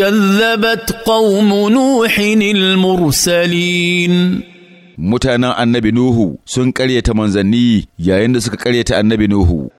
كذبت قوم نوح المرسلين mutanen annabi Nuhu sun ƙaryata manzanni yayin da suka ƙaryata annabi Nuhu.